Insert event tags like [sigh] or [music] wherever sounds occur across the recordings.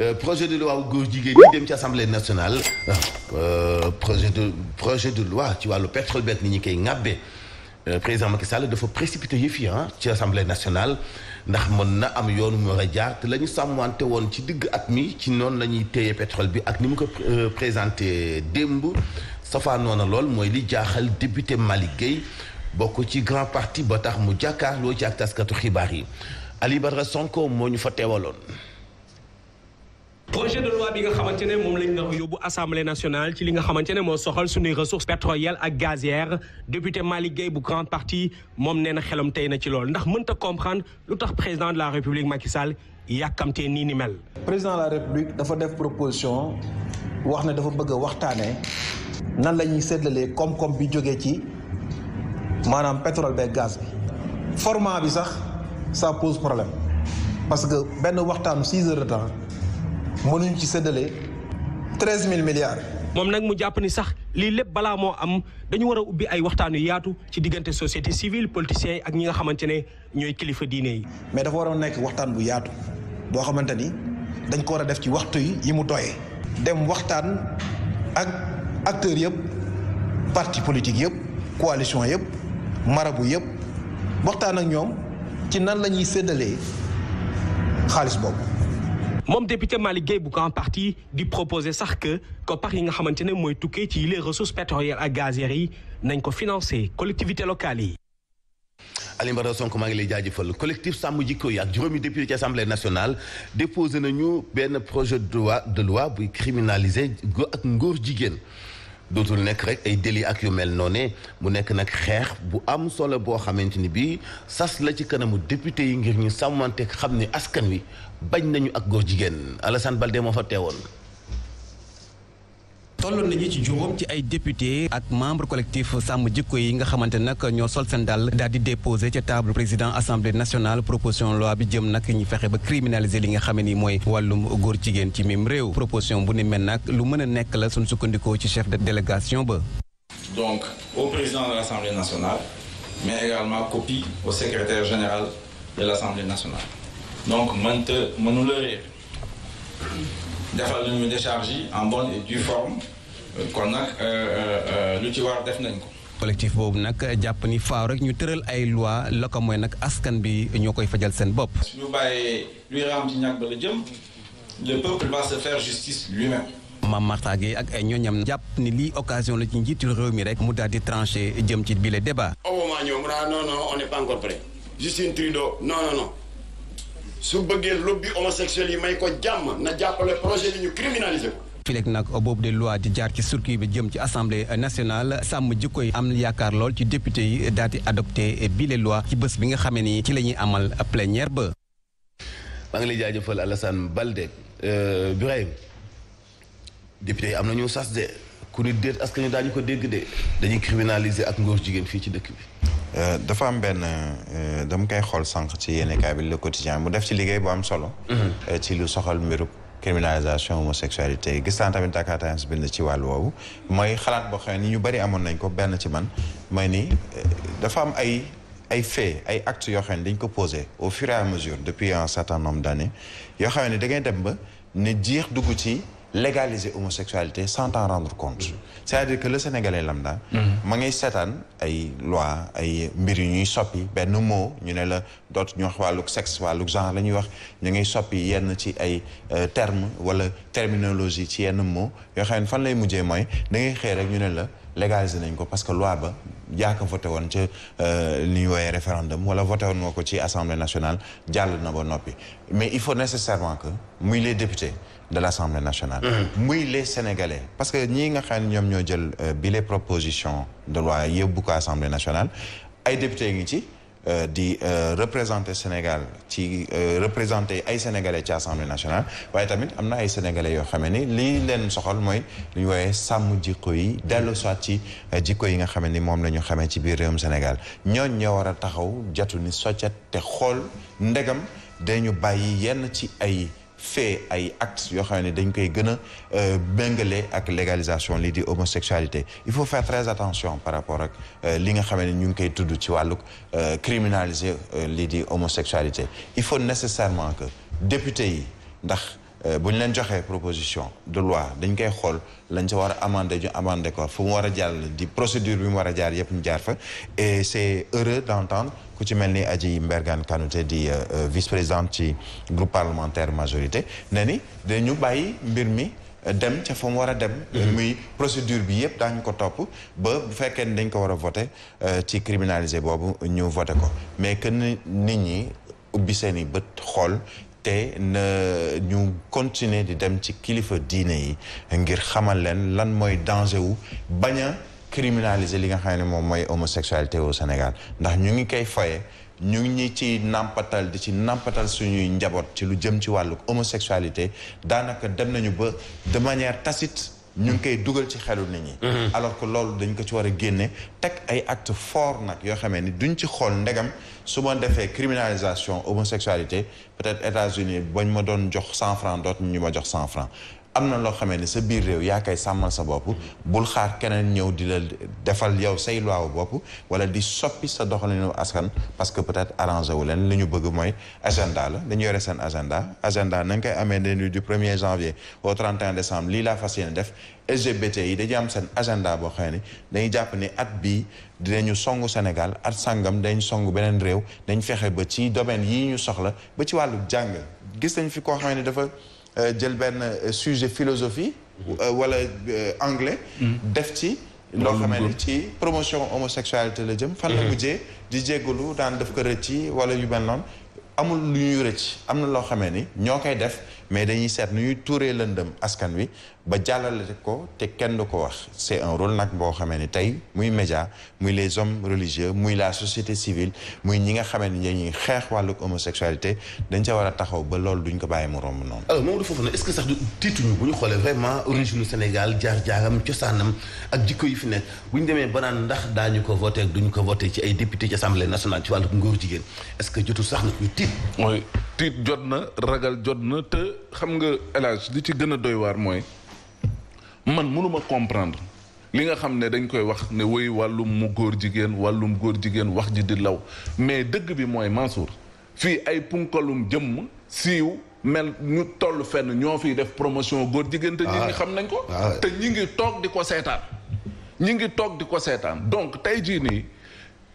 Euh, projet de loi wu góor jigéen ñi dem ci assemblée nationale ah, euh, projet de projet de loi ci wàllu pétrole bête ni ñu koy ŋàbbee euh, président Macky Sall dafa précipité yëf yi ah, ci assemblée nationale ndax mën na am yoonu mu war a jaar la ñu sàmmante woon ci digg at mi ci noonu la ñuy téye pétrole bi ak ni mu ko présenté démb safaa noona lool mooy li jaaxal député mali Gueye bokk ci grand parti ba tax mu jàkkaarloo ci ak taskatu xibaar yi Ali Badara Sonko moo ñu fa teewaloon projet de loi bi nga xamante ne moom lañ nar yóbbu assemblée nationale ci li nga xamante ne moo soxal suñuy ressources pétrolières ak gazières député Malick Gueye bu grand parti moom nee na xelam tey na ci lool ndax mënta comprendre lu tax président de la république Macky Sall yàkkamtee nii ni mel. président de la république dafa def proposition wax ne dafa bëgg a waxtaanee nan la ñuy séddalee koom-koom bi jógee ci maanaam pétrole beeg gaz bi. format bi sax ça parce que benn waxtaanu 6 heures mënuñ ci séddale treize mille milliards. moom nag mu jàpp ni sax lii lépp balaa moo am dañu war a ubbi ay waxtaan yu yaatu ci diggante société civile politiciens yi ak ñi nga xamante ne ñooy kilifa diine yi. mais dafa war a nekk waxtaan bu yaatu boo xamante ni dañ ko war a def ci waxtu yi yi mu doyee. dem waxtaan ak acteurs yëpp parti politique yëpp coalition yëpp marabu yëpp waxtaan ak ñoom ci nan lañuy ñuy séddalee xaalis boobu. moom député Malick Gueye bu ko en partie di proposer sax que koppar yi nga xamante ne mooy tukkee ci les ressources pétrolières ak gazières yi nañ ko financer collectivités locales yi. Aliou Mbadou Sonko maa ngi lay jaajëfal collectif sàmm jikko yi ak juróomi député ci assemblée nationale déposé nañu benn projet de loi buy criminaliser ak ngóor jigéen. dootul nekk rek ay délit ak yu mel noonu mu nekk nag xeex bu am solo boo xamante ni bii sas la ci kanamu député yi ngir ñu sàmmanteeg xam ni askan wi bañ nañu ak góor jigéen Alassane Balde moo fa teewoon. tolloon nañu ci juróom ci ay député ak membre collectif sàmm jikko yi nga xamante nag ñoo sol seen dal daal di déposé ca table président assemblée nationale proposition loi bi jëm nag ñu fexe ba criminaliser li nga xam ne ni mooy wàllum góor jigéen ci mim réew proposition bu ni mel nag lu mën a nekk la suñ sukkandikoo ci chef de délégation ba. donc au président de l'assemblée nationale mais également copie au secrétaire général de l'assemblée nationale defal nañu décharge yi en bonne et due forme kon nag euh, euh, euh, lu ci war def nañ ko. collectif boobu nag jàpp ni faaw rek ñu tëral ay loi la ko mooy nag askan bi ñoo koy fajal seen bopp. suñu bàyyee luy raam ci ñàkk ba la jëm le peuple va se faire justice lui-même. Mame ak ay ñooñam jàpp ni lii occasion la ci njiitul réew mi rek mu daal di tranché jëm ci bile débat. au ñoom ah, non non on n'est pas Justin Trudeau non non su bëggee lobby homosexuel yi may ko jàmm na jàppale projet bi ñu criminaliser ko. nag boobu de loi di jaar ci circuit bi jëm ci assemblée nationale sàmm jikko yi am yaakaar lool ci député yi daal di adopté bile loi ci bës bi nga xamee nii ci la ñuy amal plénière ba. maa ngi lay jaajëfal Alassane Balde euh, Birahim député yi am nañu sas de ku ni déet ñu daa ñu ko dégg de dañuy criminaliser ak ngóor jigéen fii ci dëkk bi. Euh, dafa am benn euh, dama koy xool sànq ci yéenekaay bi le quotidien mu def ci liggéey bu am solo. Mhm. Euh, ci lu soxal mbirub criminalisation homosexualité gis naa tamit Dakar Times bind ci wàll woowu mooy xalaat boo xam ni ñu bëri amoon nañ ko benn ci man mooy nii dafa am ay ay faits ay actes yoo xam ne dañ ko posé au fur et à mesure depuis un certain nombre d'années yoo xam ne da ngay dem ba ne jiix dugg ci. légaliser homosexualité sans t'en rendre compte mm-hmm. c'est-à-dire que le sénégalais lambda mm-hmm. ma ngay seetaan ay loi ay mbir yu ñuy soppi benn moo ñu ne la doot ñu wax wàlluk sexe wàlluk genre la ñuy wax ñu ngay soppi yenn ci ay euh, terme wala terminologie ci yenn mot yoo xam ne fan lay mujjee mooy da ngay xëy rek ñu ne la légaliser nañ ko parce que loi ba yaa ko woon ca euh, li ñuy woowee référendum wala voté woon nga ko ci assemblée nationale jàll na ba noppi mais il faut nécessairement que muy les députés de l'Assemblée nationale. Mm-hmm. muy les Sénégalais parce que ñii nga xam ne ñoom ñoo jël euh, bi les propositions de loi yóbbu ko Assemblée nationale ay député ngi ci euh, di euh, représenter Sénégal ci représenter ay sénégalais ci assemblée nationale waaye tamit am na ay sénégalais yoo xam ni lii leen soxal mooy lu ñu woowee sàmm jikko yi dellu soit ci jikko yi nga xam ni moom la ñu xamee ci biir réewum Sénégal ñooñ ñoo war a taxaw jatu ni soccet te xool ndegam dañu bàyyi yenn ci ay. fait ay actes yoo xam ni dañ koy gën a euh, méngale ak légalisation lii di homosexualité il faut faire très attention par rapport ak euh, li nga xam ne ñu ngi koy tudd ci wàlluk euh, criminaliser lii di homosexualité il faut nécessairement que député yi ndax Euh, bu ñu leen joxee proposition de loi dañ koy xool lañ sa war a amandé ñu amandé ko fu mu war a jàll di procédure bi mu war jaar yëpp ñu jaar fa et c'est heureux d'entendre ku ci mel ni Adji Mbergane Kanouté di euh, euh, vice-présidente ci groupe parlementaire majorité ne ni dañu bàyyi mbir mi dem ca fu mu war a dem mm-hmm. muy procédure bi yëpp daañu ko topp ba bu fekkee ni dañ ko war a voté ci criminalisé boobu ñu voté ko mais que nit ñi ubbi seen i bët xool te na ñu continuer di dem ci kilifa diine yi ngir xamal leen lan mooy danger wu bañ a criminaliser li nga xam ne moom mooy homosexualité au Sénégal ndax ñu ngi koy foye ñu ngi ñi ci nampatal di ci nampatal suñuy njaboot ci lu jëm ci wàllu homosexualité daanaka dem nañu ba de manière tacite ñu ngi koy dugal ci xelu nit ñi. Mm-hmm. alors que loolu dañ ko ci war a génne teg ay actes forts nag yoo xamee ni duñ ci xool ndegam su ma defee criminalisation homosexualité peut-être États-Unis bañ ma doon jox cent franc dootuñu ñu ma jox cent franc. am na loo xamee ne sa biir réew yaa koy sàmmal sa bopp bul xaar keneen ñëw di la defal yow say loi bopp wala di soppi sa doxalinu askan parce que peut-être arrangé wu leen li ñu bëgg mooy agenda la dañu yore seen agenda agenda na nga koy amee dañuy du premier janvier au 31 décembre lii laa fas yéene def LGBT yi dañuy am seen agenda boo xam ne dañuy jàpp ni at bii dinañu songu Sénégal at sangam dañ songu beneen réew dañ fexe ba ci domaine yii ñu soxla ba ci wàllu jàng gis nañ fi koo ne dafa Euh, jël benn euh, sujet philosophie. Mhm. Euh, wala anglais. Mhm. def ci. loo xamee ni ci promotion homosexualité la jëm. fan la mhm. mujjee di jéggalu daan def ko rëcc wala yu mel noonu amul lu ñuy rëcc am na loo xamee ni ñoo koy def. mais dañuy seet nu ñuy tuuree lëndëm askan wi ba jàllale ko te kenn du ko wax c'est un rôle nag boo xamee ne tey muy média muy les hommes religieux muy la société civile muy ñi nga xamee ne dañuy xeex wàllug homosexualité dañ ca war a taxaw ba loolu duñ ko bàyyi mu romb noonu. alors moom foofu nag est-ce que sax du tiituñu bu ñu xoolee vraiment origine Sénégal jaar-jaaram cosaanam ak jikko yi fi nekk bu ñu demee ba naan ndax daañu ko voté ak duñu ko voté ci ay député ci assemblée nationale ci wàllu ngóor jigéen est que jotul sax nag tiit jot na ragal jot na te xam nga élage li ci gën a doy waar mooy man mënuma comprendre li nga xam ne dañ koy wax ne woy wàllum mu góor jigéen wàllum góor jigéen wax ji di law mais dëgg bi mooy Mansour fii ay punkalum jëmm siiw mel ñu toll fenn ñoo fiy def promotion góor jigéen te ñi ah. xam nañ ko ah. te ñi ngi toog di ko seetaan ñi ngi toog di ko seetaan donc tey jii nii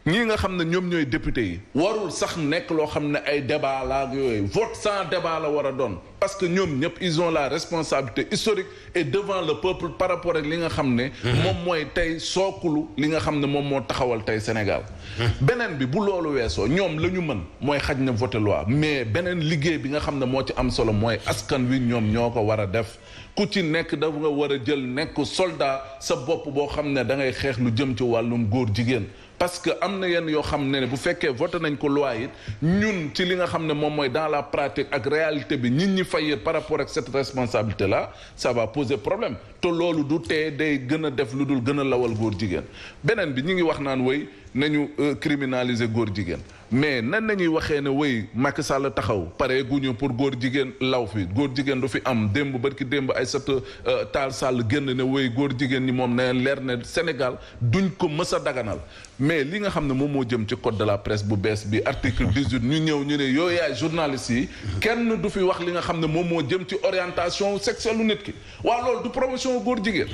ñii nga xam ne ñoom ñooy député yi warul sax nekk loo xam ne ay débat la ak yooyu vote sans débat la war a doon parce que ñoom ñëpp ils ont la responsabilité historique et devant le peuple par rapport ak li nga xam ne. Mhm. moom mooy tey sookulu li nga xam ne moom moo taxawal tey Sénégal. Mhm. beneen bi bu loolu weesoo ñoom la ñu mën mooy xaj na voté loi mais beneen liggéey bi nga xam ne moo ci am solo mooy askan wi ñoom ñoo ko war a def. ku ci nekk da nga war a jël nekk soldat sa bopp boo xam ne da ngay xeex lu jëm ci wàllum góor jigéen parce que am na yenn yoo xam ne bu fekkee voté nañ ko loi yi ñun ci li nga xam ne moom mooy dans la pratique ak réalité bi nit ñi faillir par rapport ak cette responsabilité là ça va poser problème te loolu du tee day gën a def lu dul gën a lawal góor jigéen beneen bi ñu ngi wax naan woy nañu euh, criminaliser góor jigéen mais nan nañuy waxee ne wéy Macky Sall taxaw pare guñu pour góor jigéen law fi góor jigéen du fi am démb barki démb ay sat taal sàll génn ne wéy góor jigéen ñi moom ne leer ne Sénégal duñ ko mës a daganal mais li nga xam ne moom moo jëm ci code de la presse bu bees bi article [laughs] ñu ñëw ñu ne yow yaay journaliste yi mhm. kenn du fi wax li nga xam ne moom moo jëm ci orientation sexuelle lu nit ki waaw loolu du promotion góor jigéen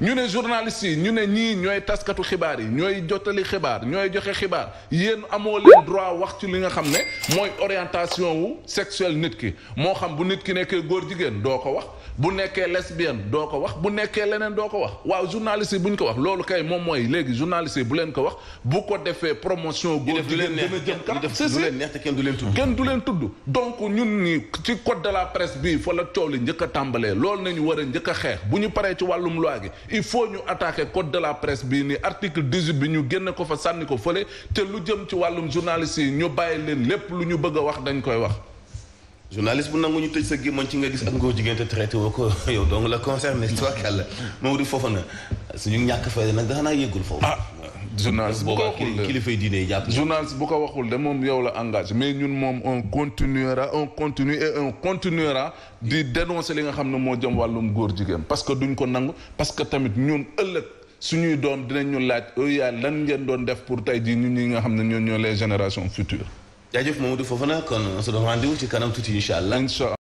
ñu ne journaliste yi ñu ne ñii ñooy taskatu xibaar yi ñooy jottali xibaar ñooy joxe xibaar yéen amoo leen droit wax ci li nga xam ne mooy orientation wu sexuelle nit ki moo xam bu nit ki nekkee góor jigéen doo ko wax bu nekkee lesbienne doo ko wax bu nekkee leneen doo ko wax waaw journaliste yi bu ko wax loolu kay moom mooy léegi journaliste yi bu leen ko wax bu ko defee promotion. góor jigéen dina jëm kanam du leen neex te kenn du leen tudd. kenn du leen tudd donc ñun ñi ci code de la presse bii fa la coow li njëkk tàmbalee loolu nañu war a njëkk a xeex bu ñu paree ci wàllum loi gi il faut ñu attaquer code de la presse bii ni article dix-huit bi ñu génne ko fa sànni ko fële te lu jëm ci wàllum journaliste yi ñu bàyyi leen lépp lu ñu bëgg a wax dañ koy wax journaliste bu nangu ñu tëj sa gémmoñ ci nga gis ak ngóor jigéen te traité woo ko [laughs] yow donc la concerné tubaakàlla Maodo foofa ñàkk fay nag daanaa yëgul foofu. ah journaliste bu ko waxul de kilifay diine jàpp. journaliste bu ko waxul de moom yow la engagé mais ñun moom un continuera on continue et on di dénoncer li nga xam ne moo jëm wàllum góor jigéen parce que duñ ko nangu parce que tamit ñun ëllëg. suñuy doom dinañ ñu laaj oh, au lan ngeen doon def pour tey jii ñun ñi nga xam ne ñoo ñoo les générations futures jaajëf Mamadou Fofana kon on se donne rendez-vous ci kanam tuuti incha allah.